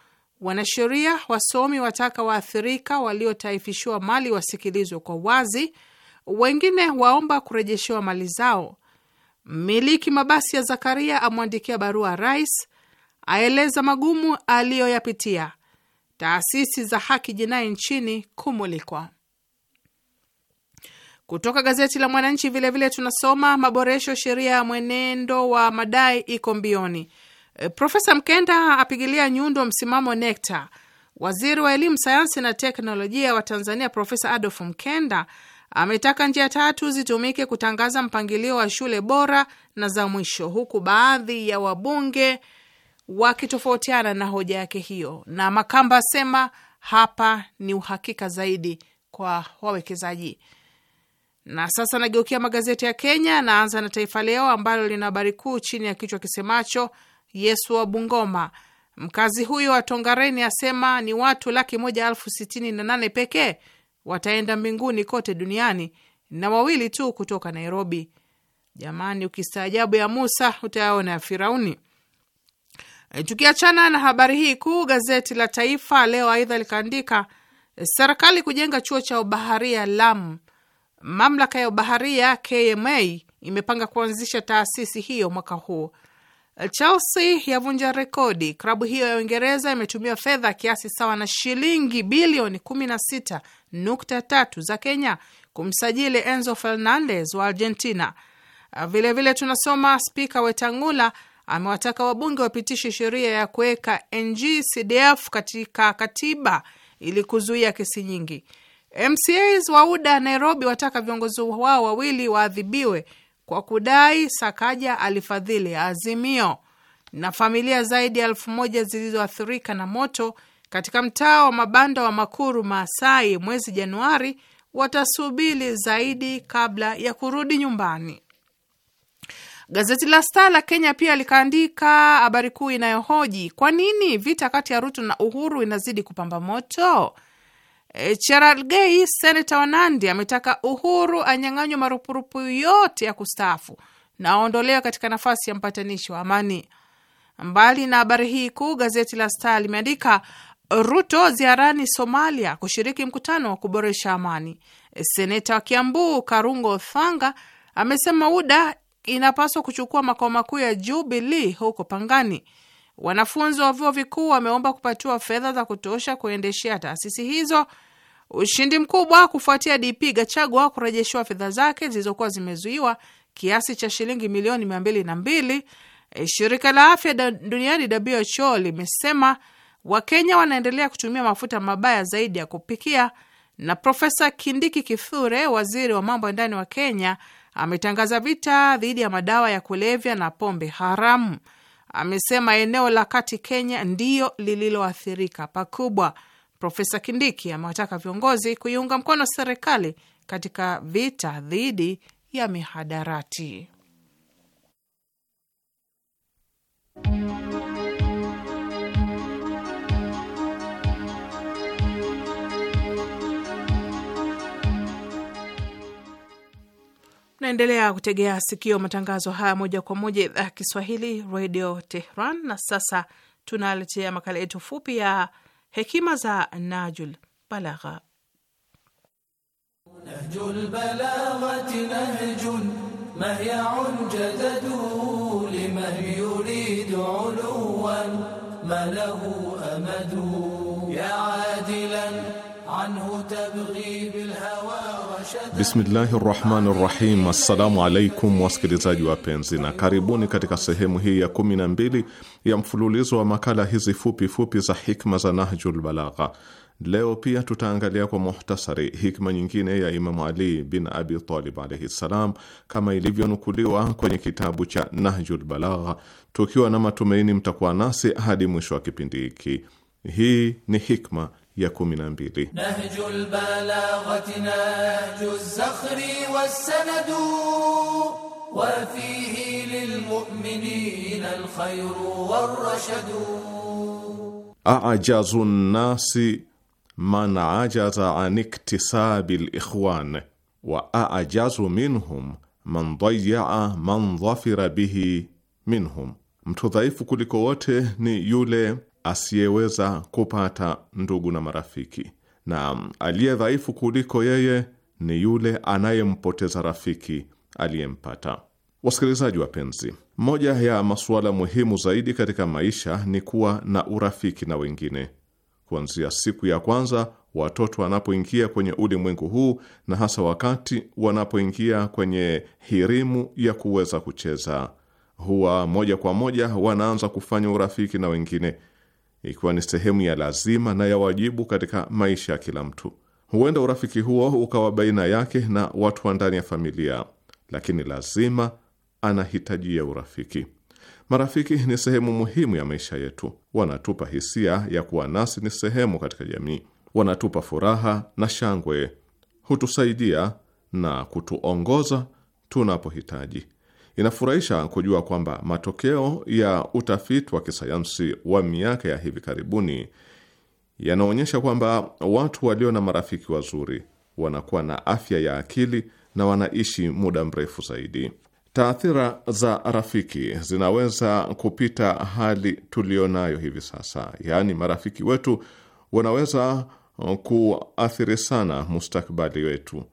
S1: Wanasheria wasomi wataka waathirika waliotaifishiwa mali wasikilizwe kwa wazi, wengine waomba kurejeshewa mali zao. Mmiliki mabasi ya Zakaria amwandikia barua rais, aeleza magumu aliyoyapitia. Taasisi za haki jinai nchini kumulikwa. Kutoka gazeti la Mwananchi vilevile vile tunasoma maboresho sheria ya mwenendo wa madai iko mbioni. E, Profesa Mkenda apigilia nyundo msimamo NECTA. Waziri wa elimu, sayansi na teknolojia wa Tanzania Profesa Adolf Mkenda ametaka njia tatu zitumike kutangaza mpangilio wa shule bora na za mwisho, huku baadhi ya wabunge wakitofautiana na hoja yake hiyo. Na Makamba asema hapa ni uhakika zaidi kwa wawekezaji. Na sasa nageukia magazeti ya Kenya, naanza na Taifa Leo ambalo lina habari kuu chini ya kichwa kisemacho Yesu wa Bungoma. Mkazi huyo wa Tongareni asema ni watu laki moja elfu sitini na nane pekee wataenda mbinguni kote duniani na wawili tu kutoka Nairobi. Jamani, ukistaajabu ya Musa utayaona ya Firauni. E, tukiachana na habari hii kuu, gazeti la Taifa Leo aidha likaandika serikali kujenga chuo cha ubaharia Lamu Mamlaka ya ubaharia KMA imepanga kuanzisha taasisi hiyo mwaka huu. Chelsea yavunja rekodi. Klabu hiyo ya Uingereza imetumia fedha kiasi sawa na shilingi bilioni 16.3 za Kenya kumsajili Enzo Fernandez wa Argentina. Vilevile vile tunasoma spika Wetangula amewataka wabunge wapitishe sheria ya kuweka NG CDF katika katiba ili kuzuia kesi nyingi. MCAs wa UDA Nairobi wataka viongozi wao wawili waadhibiwe kwa kudai Sakaja alifadhili Azimio. Na familia zaidi ya elfu moja zilizoathirika na moto katika mtaa wa mabanda wa Makuru Maasai mwezi Januari watasubiri zaidi kabla ya kurudi nyumbani. Gazeti la Star la Kenya pia likaandika habari kuu inayohoji kwa nini vita kati ya Ruto na Uhuru inazidi kupamba moto cheralgei eh, seneta wa Nandi, ametaka Uhuru anyang'anywe marupurupu yote ya kustaafu na aondolewe katika nafasi ya mpatanishi wa amani. Mbali na habari hii kuu, gazeti la Star limeandika Ruto ziarani Somalia kushiriki mkutano wa kuboresha amani. Eh, seneta wa Kiambu Karungo thanga amesema UDA inapaswa kuchukua makao makuu ya Jubilee huko Pangani. Wanafunzi wa vyuo vikuu wameomba kupatiwa fedha za kutosha kuendeshea taasisi hizo. Ushindi mkubwa kufuatia DP Gachagua kurejeshiwa fedha zake zilizokuwa zimezuiwa kiasi cha shilingi milioni mia mbili na mbili. E, shirika la afya duniani WHO limesema Wakenya wanaendelea kutumia mafuta mabaya zaidi ya kupikia. Na Profesa Kindiki Kithure, waziri wa mambo ya ndani wa Kenya, ametangaza vita dhidi ya madawa ya kulevya na pombe haramu amesema eneo la kati Kenya ndiyo lililoathirika pakubwa. Profesa Kindiki amewataka viongozi kuiunga mkono serikali katika vita dhidi ya mihadarati. Naendelea kutegea sikio matangazo haya moja kwa moja idhaa ya Kiswahili Radio Tehran. Na sasa tunaletea makala yetu fupi ya hekima za Najul Balagha.
S3: ya adilan anhu tabghi
S4: bilhawa
S2: Bismillahi rahmani rahim. Assalamu alaikum wasikilizaji wapenzi, na karibuni katika sehemu hii ya kumi na mbili ya mfululizo wa makala hizi fupi fupi za hikma za Nahjul Balagha. Leo pia tutaangalia kwa muhtasari hikma nyingine ya Imamu Ali bin Abi Talib alaihi ssalam, kama ilivyonukuliwa kwenye kitabu cha Nahjul Balagha, tukiwa na matumaini mtakuwa nasi hadi mwisho wa kipindi hiki. Hii ni hikma ya kumi na mbili.
S3: Nahjul balaghati nahju zakhri wassanadu wa fihi lilmu'minina alkhayru warrashadu.
S2: A'jazu nnasi man ajaza an iktisabi alikhwan wa a'jazu minhum man dayya'a man dhafira bihi minhum, mtu dhaifu kuliko wote ni yule asiyeweza kupata ndugu na marafiki, na aliye dhaifu kuliko yeye ni yule anayempoteza rafiki aliyempata. Wasikilizaji wapenzi, moja ya masuala muhimu zaidi katika maisha ni kuwa na urafiki na wengine. Kuanzia siku ya kwanza watoto wanapoingia kwenye ulimwengu huu na hasa wakati wanapoingia kwenye hirimu ya kuweza kucheza, huwa moja kwa moja wanaanza kufanya urafiki na wengine ikiwa ni sehemu ya lazima na ya wajibu katika maisha ya kila mtu. Huenda urafiki huo ukawa baina yake na watu wa ndani ya familia, lakini lazima anahitajia urafiki. Marafiki ni sehemu muhimu ya maisha yetu. Wanatupa hisia ya kuwa nasi ni sehemu katika jamii, wanatupa furaha na shangwe, hutusaidia na kutuongoza tunapohitaji. Inafurahisha kujua kwamba matokeo ya utafiti wa kisayansi wa miaka ya hivi karibuni yanaonyesha kwamba watu walio na marafiki wazuri wanakuwa na afya ya akili na wanaishi muda mrefu zaidi. Taathira za rafiki zinaweza kupita hali tuliyonayo hivi sasa, yaani marafiki wetu wanaweza kuathiri sana mustakabali wetu.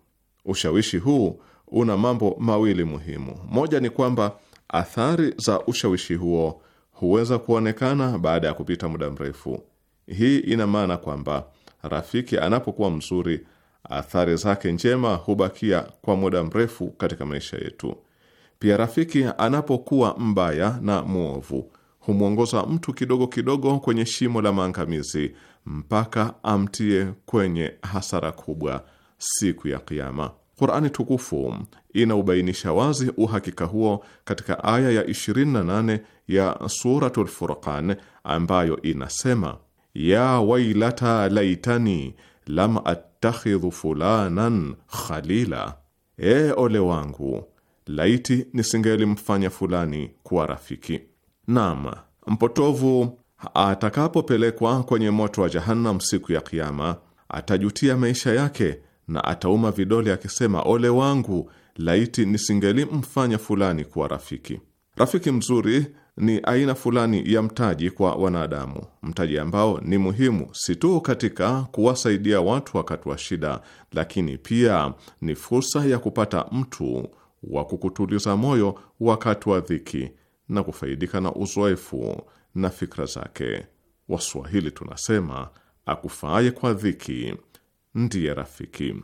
S2: Ushawishi huu una mambo mawili muhimu. Moja ni kwamba athari za ushawishi huo huweza kuonekana baada ya kupita muda mrefu. Hii ina maana kwamba rafiki anapokuwa mzuri, athari zake njema hubakia kwa muda mrefu katika maisha yetu. Pia rafiki anapokuwa mbaya na mwovu humwongoza mtu kidogo kidogo kwenye shimo la maangamizi mpaka amtie kwenye hasara kubwa siku ya Kiama. Qur'ani tukufu inaubainisha wazi uhakika huo katika aya ya 28 ya Suratul Furqan ambayo inasema: ya wailata laitani lam attakhidhu fulanan khalila, e, ole wangu laiti nisingelimfanya fulani kuwa rafiki. Naam, mpotovu atakapopelekwa kwenye moto wa Jahannam siku ya Kiyama atajutia maisha yake na atauma vidole akisema, ole wangu, laiti nisingelimfanya fulani kuwa rafiki. Rafiki mzuri ni aina fulani ya mtaji kwa wanadamu, mtaji ambao ni muhimu si tu katika kuwasaidia watu wakati wa shida, lakini pia ni fursa ya kupata mtu wa kukutuliza moyo wakati wa dhiki na kufaidika na uzoefu na fikra zake. Waswahili tunasema akufaaye kwa dhiki ndiye rafiki.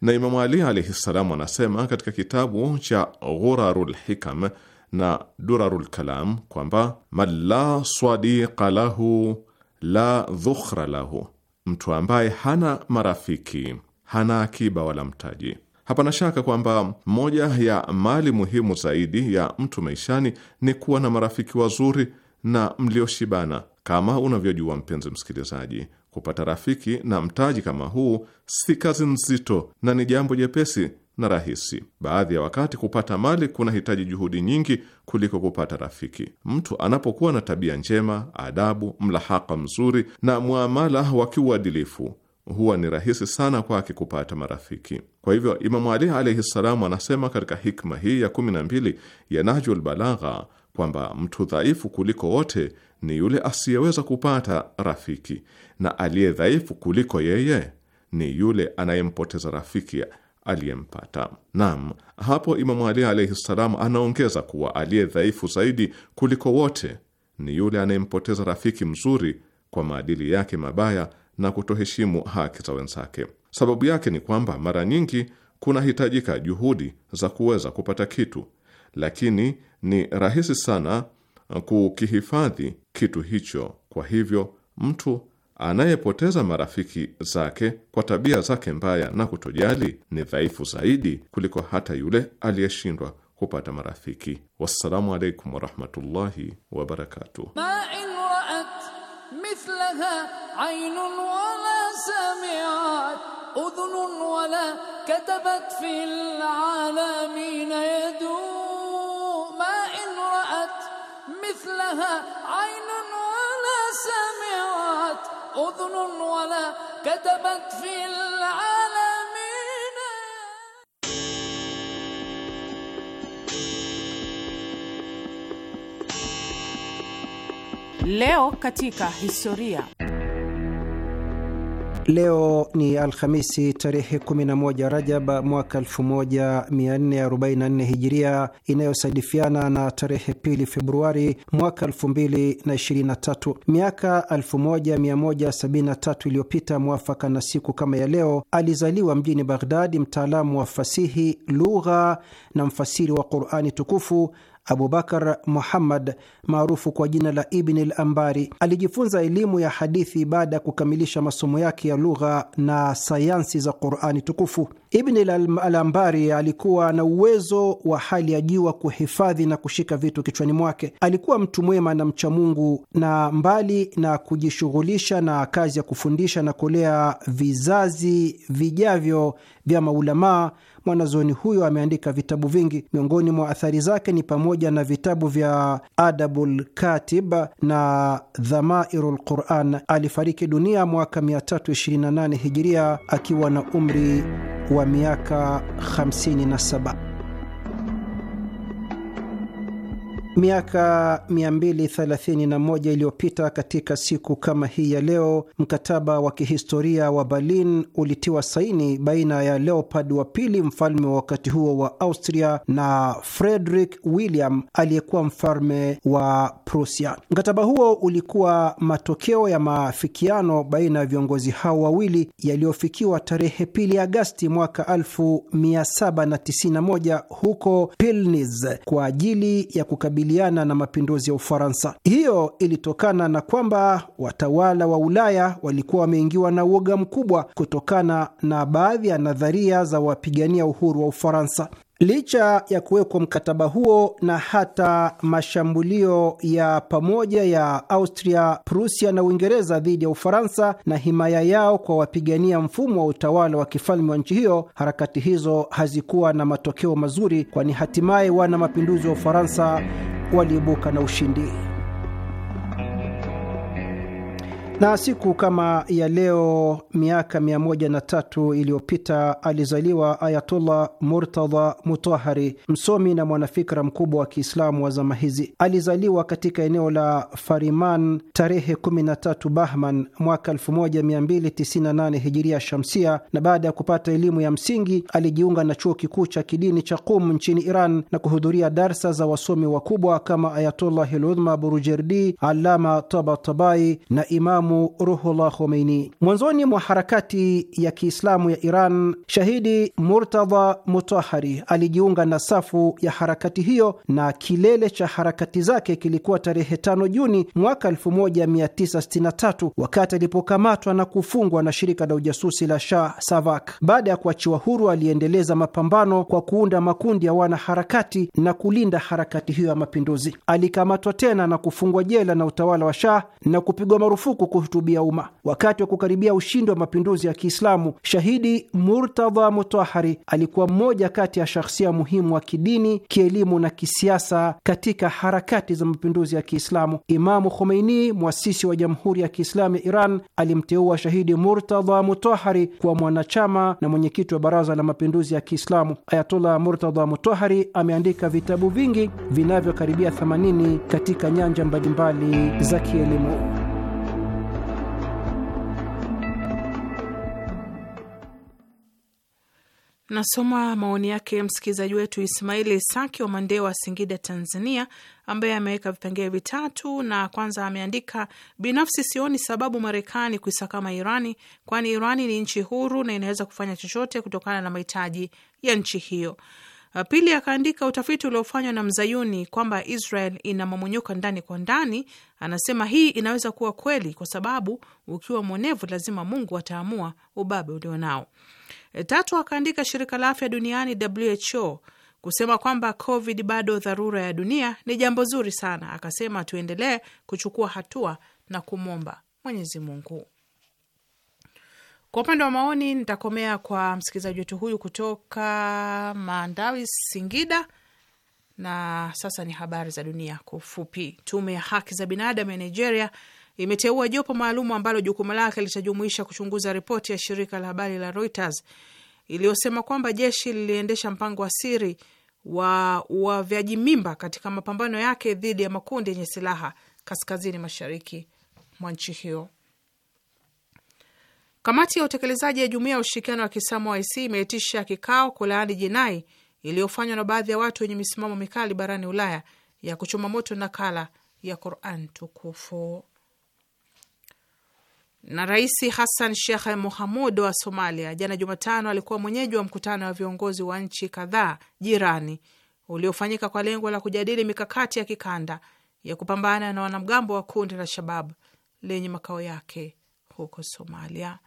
S2: Na Imamu Ali alaihi ssalam anasema katika kitabu cha Ghurarul Hikam na Durarul Kalam kwamba man la swadiqa lahu la dhukhra lahu, mtu ambaye hana marafiki hana akiba wala mtaji. Hapana shaka kwamba moja ya mali muhimu zaidi ya mtu maishani ni kuwa na marafiki wazuri na mlioshibana. Kama unavyojua mpenzi msikilizaji, Kupata rafiki na mtaji kama huu si kazi nzito na ni jambo jepesi na rahisi. Baadhi ya wakati kupata mali kunahitaji juhudi nyingi kuliko kupata rafiki. Mtu anapokuwa na tabia njema, adabu, mlahaka mzuri na mwamala wa kiuadilifu, huwa ni rahisi sana kwake kupata marafiki. Kwa hivyo, Imamu Ali alaihi ssalamu anasema katika hikma hii ya kumi na mbili ya Nahjul Balagha kwamba mtu dhaifu kuliko wote ni yule asiyeweza kupata rafiki, na aliye dhaifu kuliko yeye ni yule anayempoteza rafiki aliyempata. Naam, hapo Imamu Ali alaihi ssalam anaongeza kuwa aliye dhaifu zaidi kuliko wote ni yule anayempoteza rafiki mzuri kwa maadili yake mabaya na kutoheshimu haki za wenzake. Sababu yake ni kwamba mara nyingi kunahitajika juhudi za kuweza kupata kitu, lakini ni rahisi sana kukihifadhi kitu hicho. Kwa hivyo mtu anayepoteza marafiki zake kwa tabia zake mbaya na kutojali ni dhaifu zaidi kuliko hata yule aliyeshindwa kupata marafiki. Wassalamu alaikum warahmatullahi wabarakatuh.
S3: مثلها عين ولا سمعت أذن ولا مثلها عين ولا سمعت أذن ولا كتبت في العالمين
S1: Leo katika historia.
S5: Leo ni Alhamisi tarehe 11 Rajab mwaka 1444 Hijiria, inayosadifiana na tarehe pili Februari mwaka 2023. Miaka 1173 iliyopita, mwafaka na siku kama ya leo, alizaliwa mjini Baghdadi mtaalamu wa fasihi, lugha na mfasiri wa Qurani tukufu Abubakar Muhammad maarufu kwa jina la Ibni al Ambari alijifunza elimu ya hadithi baada ya kukamilisha masomo yake ya lugha na sayansi za Qurani tukufu. Ibni al Ambari alikuwa na uwezo wa hali ya juu wa kuhifadhi na kushika vitu kichwani mwake. Alikuwa mtu mwema na mchamungu, na mbali na kujishughulisha na kazi ya kufundisha na kulea vizazi vijavyo vya maulamaa mwanazuoni huyo ameandika vitabu vingi. Miongoni mwa athari zake ni pamoja na vitabu vya Adabul Katib na Dhamairul Quran. Alifariki dunia mwaka 328 Hijiria akiwa na umri wa miaka 57. Miaka 231 iliyopita katika siku kama hii ya leo, mkataba wa kihistoria wa Berlin ulitiwa saini baina ya Leopold wa pili, mfalme wa wakati huo wa Austria, na Frederick William aliyekuwa mfalme wa Prussia. Mkataba huo ulikuwa matokeo ya maafikiano baina ya viongozi hao wawili yaliyofikiwa tarehe pili Agasti mwaka 1791 huko Pilnitz kwa ajili ya kukabili kukabiliana na mapinduzi ya Ufaransa. Hiyo ilitokana na kwamba watawala wa Ulaya walikuwa wameingiwa na uoga mkubwa kutokana na baadhi ya nadharia za wapigania uhuru wa Ufaransa. Licha ya kuwekwa mkataba huo na hata mashambulio ya pamoja ya Austria, Prusia na Uingereza dhidi ya Ufaransa na himaya yao kwa wapigania mfumo wa utawala wa kifalme wa nchi hiyo, harakati hizo hazikuwa na matokeo mazuri, kwani hatimaye wana mapinduzi wa Ufaransa waliibuka na ushindi. Na siku kama ya leo miaka 103 iliyopita alizaliwa Ayatullah Murtadha Mutahari, msomi na mwanafikra mkubwa wa Kiislamu wa zama hizi. Alizaliwa katika eneo la Fariman tarehe 13 Bahman mwaka 1298 Hijiria Shamsia, na baada ya kupata elimu ya msingi alijiunga na chuo kikuu cha kidini cha Qum nchini Iran na kuhudhuria darsa za wasomi wakubwa kama Ayatullah Hiludhma Burujerdi, Allama Tabatabai na Imamu Imamu Ruhullah Khomeini. Mwanzoni mwa harakati ya Kiislamu ya Iran, shahidi Murtadha Mutahari alijiunga na safu ya harakati hiyo na kilele cha harakati zake kilikuwa tarehe 5 Juni mwaka 1963 wakati alipokamatwa na kufungwa na shirika la ujasusi la Shah Savak. Baada ya kuachiwa huru, aliendeleza mapambano kwa kuunda makundi ya wanaharakati na kulinda harakati hiyo ya mapinduzi. Alikamatwa tena na kufungwa jela na utawala wa Shah na kupigwa marufuku kuhutubia umma. Wakati wa kukaribia ushindi wa mapinduzi ya Kiislamu, shahidi Murtadha Mutahari alikuwa mmoja kati ya shakhsia muhimu wa kidini, kielimu na kisiasa katika harakati za mapinduzi ya Kiislamu. Imamu Khomeini, mwasisi wa Jamhuri ya Kiislamu ya Iran, alimteua shahidi Murtadha Mutahari kuwa mwanachama na mwenyekiti wa Baraza la Mapinduzi ya Kiislamu. Ayatollah Murtadha Mutahari ameandika vitabu vingi vinavyokaribia 80 katika nyanja mbalimbali za kielimu.
S1: Nasoma maoni yake msikilizaji wetu Ismaili Saki wa wa Singida, Tanzania, ambaye ameweka vipengee vitatu na kwanza ameandika: binafsi sioni sababu Marekani kuisakama Irani, kwani Irani ni nchi huru na inaweza kufanya chochote kutokana na mahitaji ya nchi hiyo. Uh, pili akaandika utafiti uliofanywa na mzayuni kwamba Israel ina mamonyoka ndani kwa ndani. Anasema hii inaweza kuwa kweli, kwa sababu ukiwa mwonevu lazima Mungu ataamua ubabe ulionao. E, tatu, akaandika shirika la afya duniani WHO kusema kwamba COVID bado dharura ya dunia ni jambo zuri sana. Akasema tuendelee kuchukua hatua na kumwomba Mwenyezi Mungu. Kwa upande wa maoni, nitakomea kwa msikilizaji wetu huyu kutoka Mandawi, Singida. Na sasa ni habari za dunia kwa ufupi. Tume ya haki za binadamu ya Nigeria imeteua jopo maalumu ambalo jukumu lake litajumuisha kuchunguza ripoti ya shirika la habari la Reuters iliyosema kwamba jeshi liliendesha mpango wa siri wa uavyaji mimba katika mapambano yake dhidi ya makundi yenye silaha kaskazini mashariki mwa nchi hiyo. Kamati ya utekelezaji ya Jumuiya ya Ushirikiano wa Kiislamu IC imeitisha kikao kulaani jinai iliyofanywa na baadhi ya watu wenye misimamo mikali barani Ulaya ya kuchoma moto nakala ya Quran tukufu. Na Rais Hassan Sheikh Mohamud wa Somalia jana Jumatano alikuwa mwenyeji wa mkutano wa viongozi wa nchi kadhaa jirani uliofanyika kwa lengo la kujadili mikakati ya kikanda ya kupambana na wanamgambo wa kundi la Shabab lenye makao yake huko Somalia.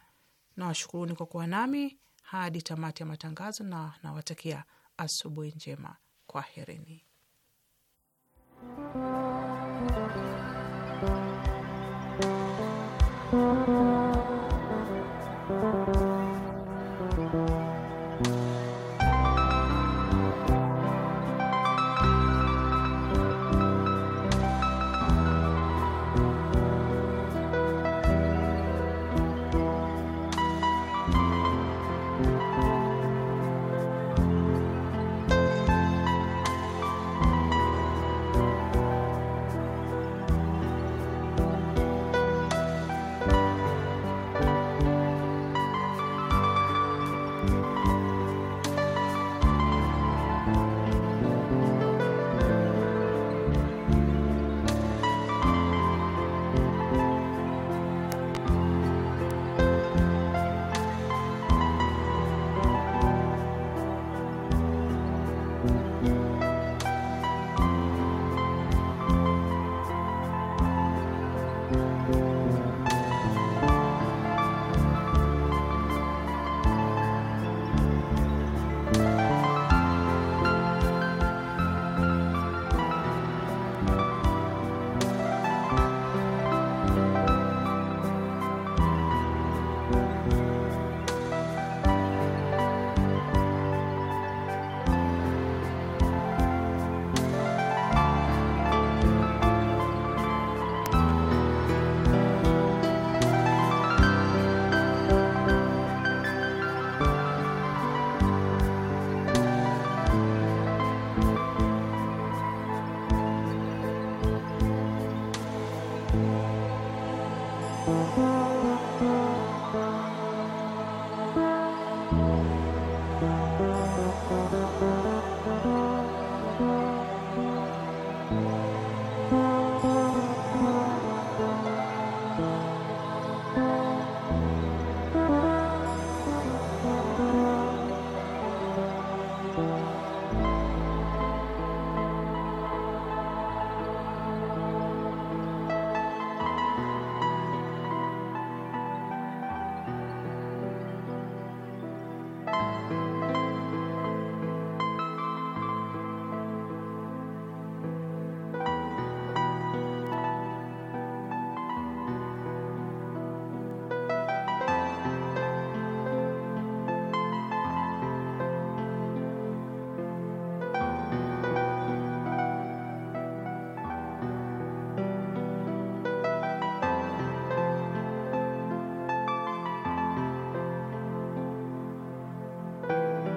S1: Nawashukuruni kwa kuwa nami hadi tamati ya matangazo, na nawatakia asubuhi njema. Kwaherini.
S4: Thank you.